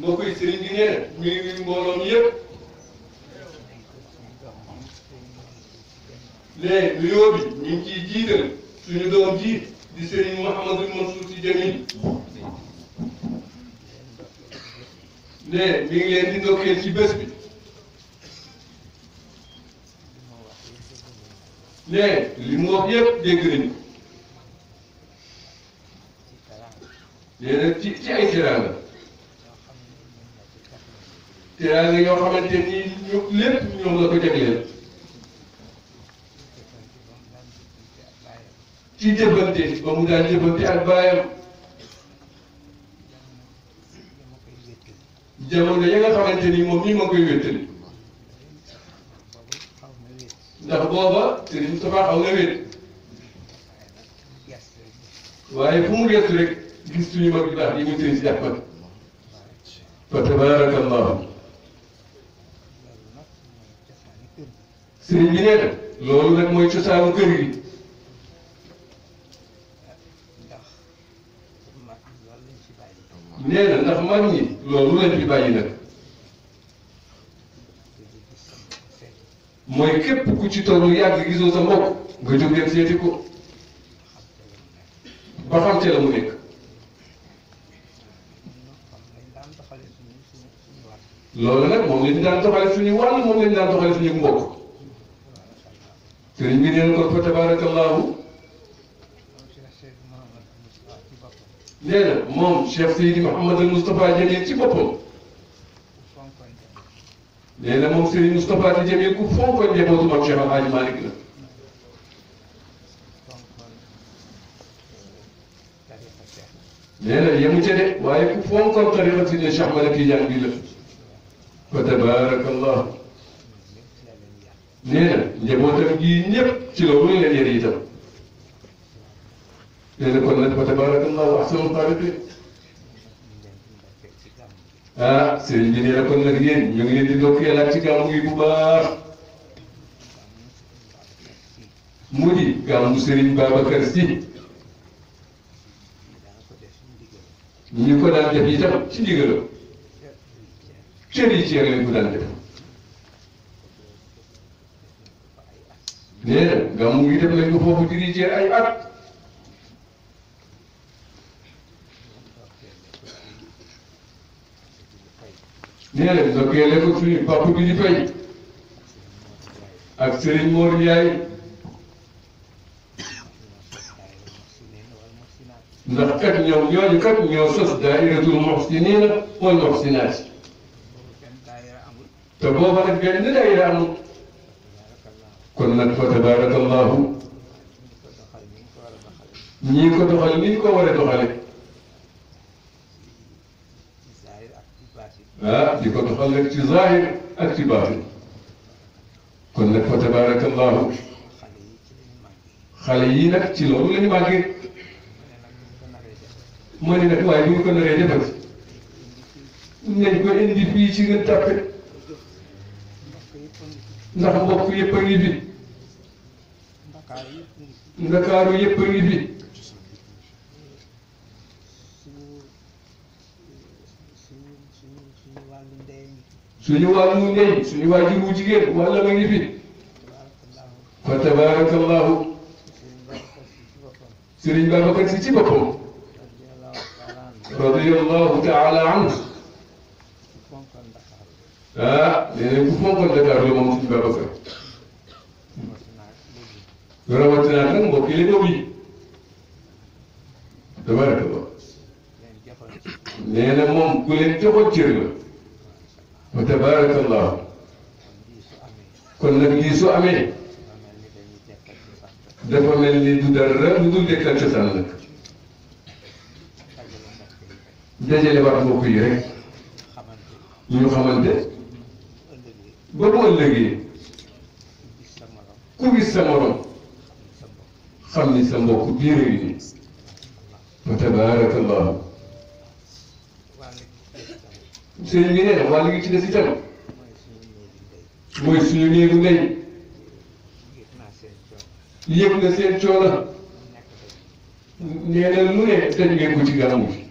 moo koy sëriñ bi nee na muy mbooloo mi yëpp léegi nuyoo bi ñu ngi ciy jiital suñu doom ji di sëriñ Mouhamadou Mansour Sy Djamil léegi mi ngi leen di ndokkeel ci bés bi léegi li mu wax yëpp dégg nañu léegi nag ci ci ay teraanga teraanga yoo xamante ni ñu lépp ñoom la ko jagleel ci jëbbante ba mu daan jëbbante ak baayam jamono ya nga xamante ni moom mii ma koy wéttali ndax booba Serigne Moustapha xaw na wét waaye fu mu gestu rek gis suñu mag bi baax yi mu Serigne si jàppal fa tabaraka Allah sëriñ bi nee na loolu nag mooy cosaanu kër gi nee na ndax mag ñi loolu lañ fi bàyyi nag mooy képp ku ci tollu yàgg gisoo sa mbokk nga jóg dem seeti ko ba xam ca la mu nekk loolu nag moom lañu daan doxale suñu wàll moom lañu daan doxale suñu mbokk sëriñ bi nee na kon fa tabaarakallaahu nee na moom Mustafa Seydi Mouhamad al Moustapha Jamil ci boppam nee na moom Seydi Moustapha di Jamil ku fonkoon njabootu maam Cheikh Alhaji Malick la nee na yemu ca de ku fonkoon tariqa si ne Cheikh Ahmad Tijaan bi la fa nee na njabootam gii ñëpp ci loolu la yar itam nee na kon nag fa tabarakallahu ahsanul xaaliqiin ah sëriñ bi nee na kon nag yéen ñu ngi leen di ndokkeelaat ci gàmmu gi bu baax mu di gàmmu sëriñ Babacar Sy ñu ko daan def itam ci ndigalam cër yi ceer leen ko daan def déedéet gàmmu gi dem nañu foofu dirigé ay at déedéet ndokkeele ko suñu papa bi di fay ak Serigne Mor Ndiaye ndax kat ñoom ñooñu kat ñoo sos daayiratul muhsiniina wal muhsinaat te booba nag benn daayira amul kon nag fa tabarakallahu ñii ko doxale ni ñu ko war a doxale ah di ko doxal rek ci zahir ak ci baatin kon nag fa tabarakallahu xale yii nag ci loolu la ñu màggee ma ne nag waaye bu ñu ko naree defal nañ ko indi fii ci gën tàppe ndax mbokk yëpp a ngi bi ndakaaru yëpp a ngi fi. suñu wàllu ndey suñu waajur wu jigéen walla ma ngi fi fa tabarakallahu sëriñ Babacar Si ci boppam radiyallahu taala anhu ah nee nañ ku fonkoon Dakar la moom sëriñ Babacar rawatina nag mbokk yi la ñëw yi dama rek moom ku leen joxoon wa tabaarakallahu kon nag lii su amee dafa mel ni du dara lu dul dekkal cosaan nag dajale waat mbokk yi rek ñu xamante ba mu ëllëgee ku gis sa sànni sa mbokk biir yi fa tabarakallah sëriñ bi nee na wàll gi ci des itam mooy suñu néegu ndey yëg na ne dañ ngeen ko ci gàmmu gi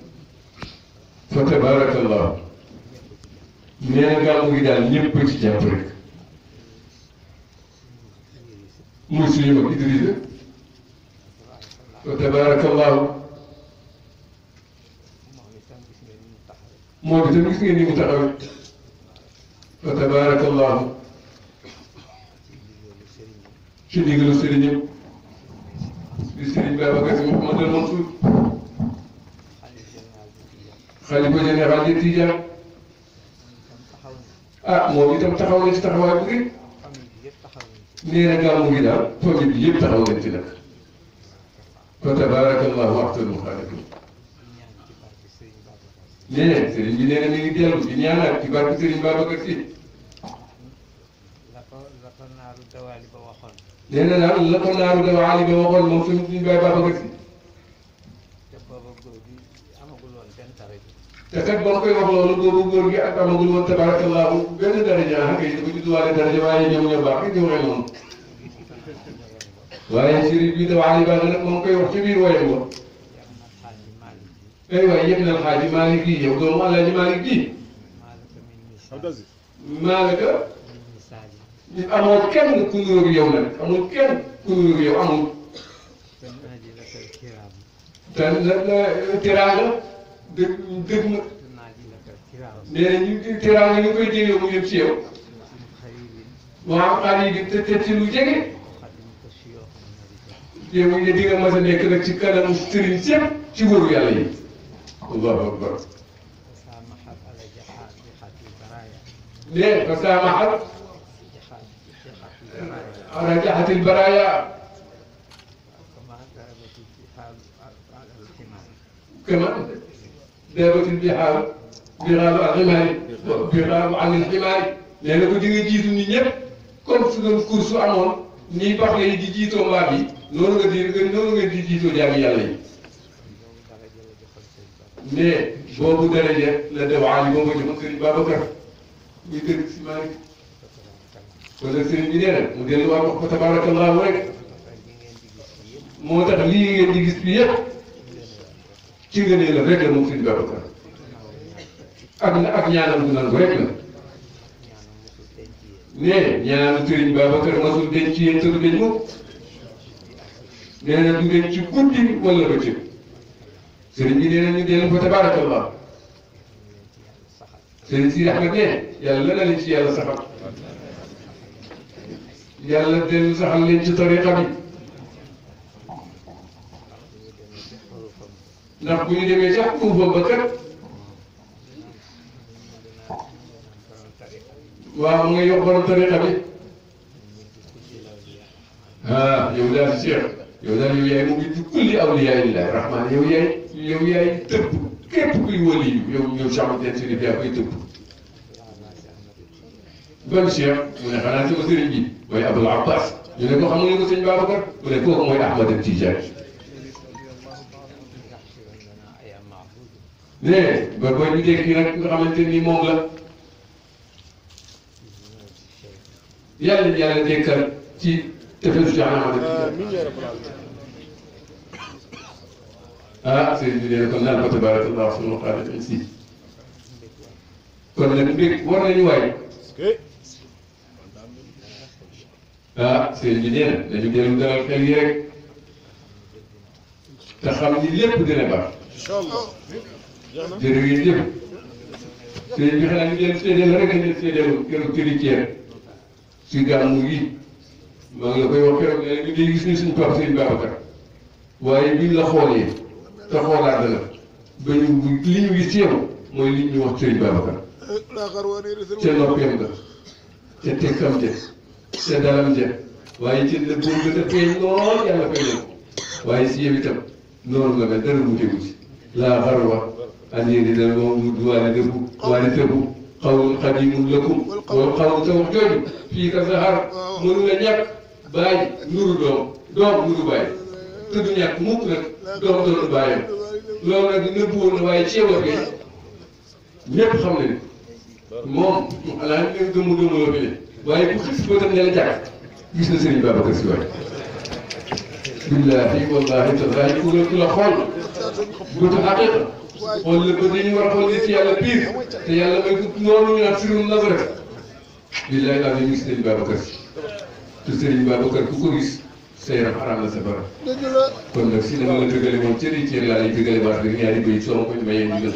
fa tabarakallah nee na gàmmu gi daal ñëpp ci وتبارك الله موجود المسلمين المتحرك وتبارك الله شنو يقولوا سيدنا بسيدنا بابا قاسم محمد المنصور خليفة جنة خالد التجاة اه موجود تم تحول استحواذ بك نيرة قام موجودة فوجد يب تحول انت لك fa tabarakallahu ahsanul xaaliqiin nee sëriñ bi nee mi ngi dellu di ñaanaat ci barke sëriñ Babacar Si nee na la ko naaru dawaali ba waxoon moom suñu suñu baay Babacar Si te kat koy wax loolu góobu góor gi ak amagul woon tabarakallahu benn daraja xëy na ko judduwaale daraja waaye ñoom ñoo baax ñoo xëy noonu waaye siri bii dafa xali baa nag moom koy wax ci biir wayam wa ay waay yëpp na xaaji Maalik yi yow doomu Alaaji Maalik ji maalaka amul kenn ku nuur yow nag amul kenn ku nuur yow amul te la la teraanga dë dëgg na nee na ñu teraanga ñu koy jëlee mu yëpp ci yow waaw xaalis bi te te ci lu jege. yow ñu ne di nga mas a nekk nag ci kanamu sëriñ sépp ci wóoru yàlla yi allahu akbar ليه على رجحت البرايا كما ذهبت البحار بغاب الحمار بغاب عن الحمار لأنه كنت يجيزني نيب كم في الكورس أمون ni doxee di jiitoo mbaam noonu nga di noonu nga di jiitoo jaamu yàlla yi mais boobu daraja la dawaa yi moom nga joxoon Serigne Babacar muy si Malick mu dellu wax ko tabarakallahu rek moo tax lii ngeen di gis fii yëpp ci la rek la moom Serigne Babacar ak ak ñaanam du nangu rek la. mais ñeneen sëriñ Babacar masul denc yéen tëru denc moom nee na du denc ci guddi wala bëccëg sëriñ bi nee na ñu dellu fa tabaarakallah sëriñ si Ahmed ne yàlla na leen ci yàlla saxal yàlla dellu saxal leen ci tariqa bi ndax bu ñu demee ca Kuufa ba kat waaw mu ngi yokk borom tariqa bi ah yow daal Cheikh yow daal yow yaay mu ngi ci kulli awliyaa illaahi rahmaan yow yaay yow yaay tëbb képp kuy wëli yow ñëw si xamante ne Serigne bi yaa koy tëbb. bon Cheikh mu ne xanaa si ko Serigne bi mooy Abul Abbas ñu ne ko xam nga ne ko sëñ Babacar mu ne kooku mooy Ahmad Tijaani ne ba ba ñu dégg nag nga xamante ni moom la. yàlla nañu yàlla jékkal ci tefesu jahanama ah sëriñ bi nee na kon naan fa tabarakallah sunu xaalis bi si kon nag mbir war nañu waay ah sëriñ bi nee na dañu dellu dalal xel yi rek te xam ni lépp dina baax jërë ngeen jëf sëriñ bi xanaa ñu leen seedeel rek a leen seedeel keroog kër yi ci gàmmu gi maa ngi la koy wax keroog léeg-léeg ñu ngi gis ni suñu Pape Sëñ Babacar waaye biñ la xoolee te xoolaat la ba ñu li ñu gis ci yow mooy li ñu wax Sëñ Babacar ca noppeem nga ca tekkam ja ca dalam ja waaye ci la góor nga te feeñ lool yàlla fay leen waaye si yow itam noonu nga mel dara mu tegu ci laa xarwa andi dina moom du waale dëggu waale tëggu xawlu xadimun lakum loolu xawlu jooju fii ka sahar mënu la ñàkk bàyyi nuru doom doom nuru bàyyi tudd ñàkk doom doonu bàyyam loolu nag nëbbu woon na waaye ceebar gi ñëpp xam ne moom alaa ni leen gëmmu gëmmu la fi ne ku xis ba tam ne la jàkk gis na Serigne Babacar Sy waay billaahi wallaahi tallaahi ku la xool duutu àdduna xool ko dañu war a xool ci yàlla pire te yàlla may ko noonu ñu naan firum la rek billahi laa ngi sëriñ Babacar si te sëriñ Babacar ku ko gis sa yaram xaram la sa bara kon nag si dama la dëggale moom cëri cër laa lay dëggale waat rek ñaari bëy soo ma ko mayee ndigal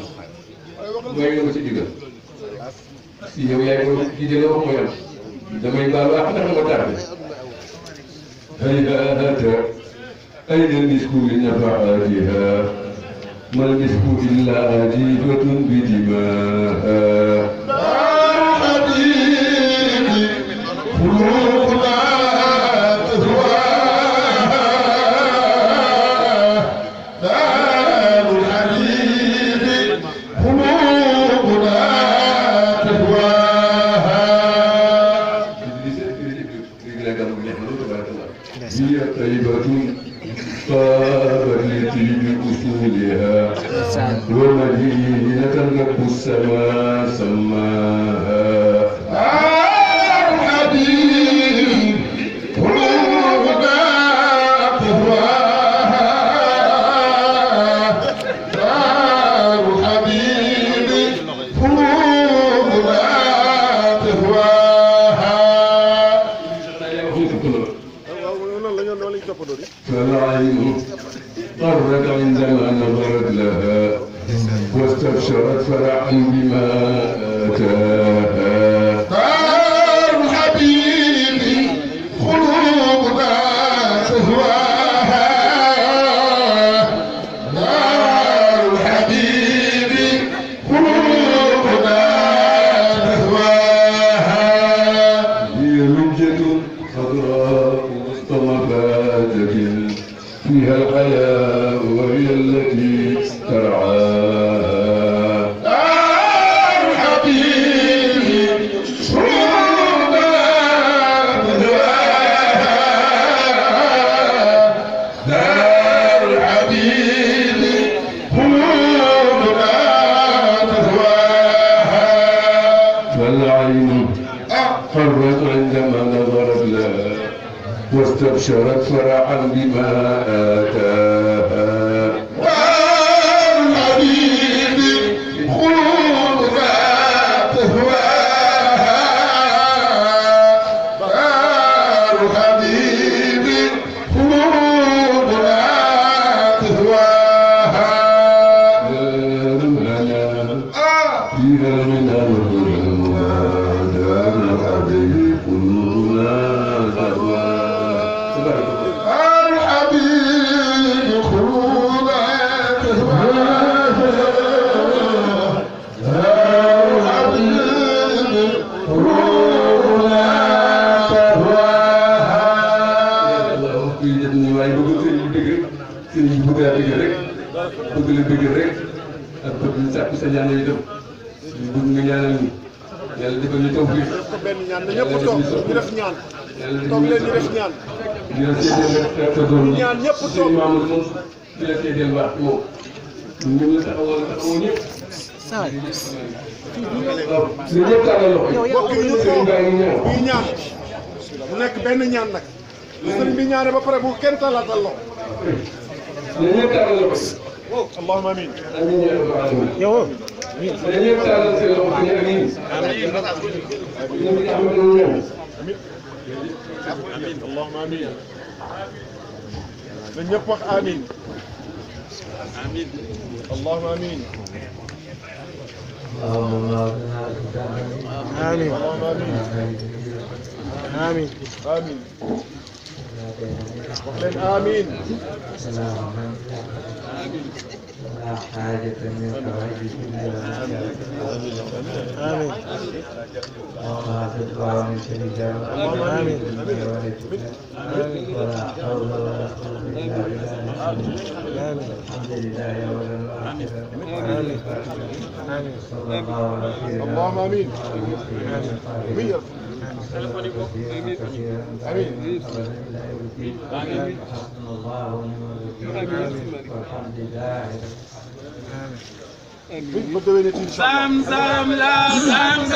may nga ci digal si yow yaay mooy di jële wax mooy am damay baalu ak ndax ma tardé هيهات أين المسكون نفعاتها ما المسك إلا عجيبة بدماها بشرت فرحا بما na ñëpp toog ñu def ñaan toog leen ñu def ñaan ñaan ñëpp toog di la see delluwaat moom ñun ñu taxawoon taxawoon ñëpp. saa yi. ñëpp tàllal loxo yi. bokk yi ñu toog ñuy ñaan mu nekk benn ñaan nag. sëriñ bi ñaane ba pare bu kenn tàllaatal loxo. ñëpp tàllal loxo yi. allahumma amiin. amiin. yow. امين امين آمين اللهم آمين من يقوى آمين آمين اللهم آمين آمين اللهم آمين آمين آمين آمين آمين ولا حاجة من حوائج الدنيا آمين وما تدعو من شيء آمين ولا حول ولا قوة إلا بالله آمين الحمد لله رب العالمين آمين آمين اللهم آمين آمين Zam, zam, la, zam, zam.